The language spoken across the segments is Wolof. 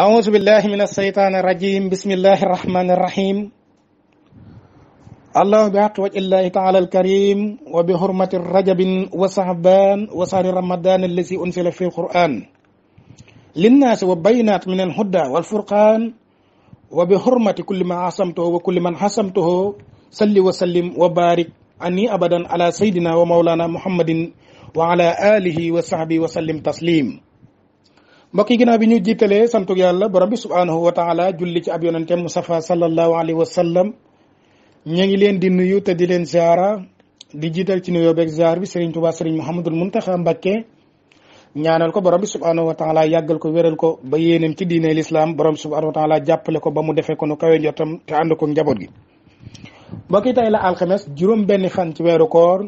أعوذ بالله من الشيطان الرجيم بسم الله الرحمن الرحيم الله بحق وجه الله تعالى الكريم وبحرمة الرجب وصعبان وصار رمضان الذي أنزل في القرآن للناس وبينات من الهدى والفرقان وبحرمة كل ما عصمته وكل من حسمته صل وسلم وبارك أني أبدا على سيدنا ومولانا محمد وعلى آله وصحبه وسلم تسليم mbokk yi ginnaaw bi ñu jiitalee santuk yàlla borom bi subhaanahu wa taala julli ci ab yonente Mustafa sallallahu alayhi wa sallam ñu ngi leen di nuyu te di leen ziara di jiital ci nuyoo beeg ziar bi Serigne Touba Serigne Mouhamadul Muntaxa Mbakke ñaanal ko borom bi subhaanahu wa taala yàggal ko wéral ko ba yéenam ci diine lislaam borom bi subhaanahu wa taala jàppale ko ba mu defee ko nu kawe njottam te ànd ko njaboot gi mbokk yi tey la alxames juróom benni ci weeru koor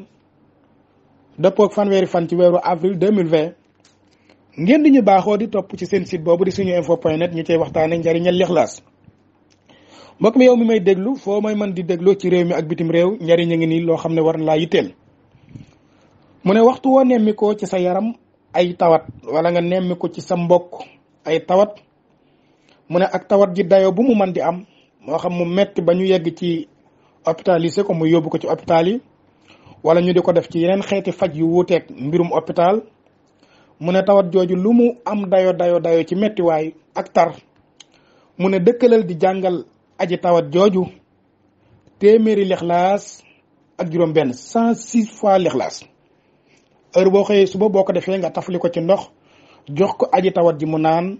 dëppoog fanweeri fan ci weeru avril 2020 ngeen di ñu baaxoo di topp ci seen site boobu di suñu info point net ñu cay waxtaane njariñal lixlaas mbokk mi yow mi may déglu foo may mën di déglu ci réew mi ak bitim réew njariñ a ngi nii loo xam ne war na laa yitteel mu ne waxtu woo nemmi ci sa yaram ay tawat wala nga nemmi ci sa mbokk ay tawat mu ne ak tawat ji dayoo bu mu mën di am moo xam mu metti ba ñu yegg ci hôpitalisé ko mu yóbbu ko ci hôpital yi wala ñu di ko def ci yeneen xeeti faj yu wuuteeg mbirum hôpital mu ne tawat jooju lu mu am dayo dayo dayo ci méttiwaay ak tar mu ne dëkkalal di jàngal aji tawat jooju téeméeri lixlaas ak juróom benn cent six fois lixlaas heure boo xëyee suba boo ko defee nga taf li ko ci ndox jox ko aji tawat ji mu naan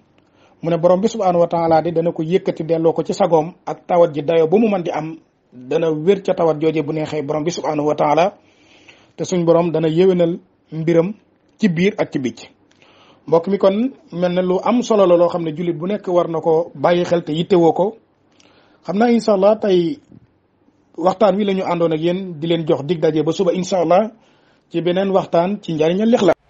mu ne borom bi subhaanahu wa taala di dana ko yëkkati delloo ko ci sagoom ak tawat ji dayo ba mu mën di am dana wér ca tawat jooje bu neexee borom bi subhaanahu wa taala te suñ borom dana yéwénal mbiram ci biir ak ci bicc mbokk mi kon mel na lu am solo la loo xam ne jullit bu nekk war na ko bàyyi xel te yittewoo ko xam naa incha tey waxtaan wi lañu ñu àndoon ak yéen di leen jox dig daje ba suba incha allah ci beneen waxtaan ci njariñal lixla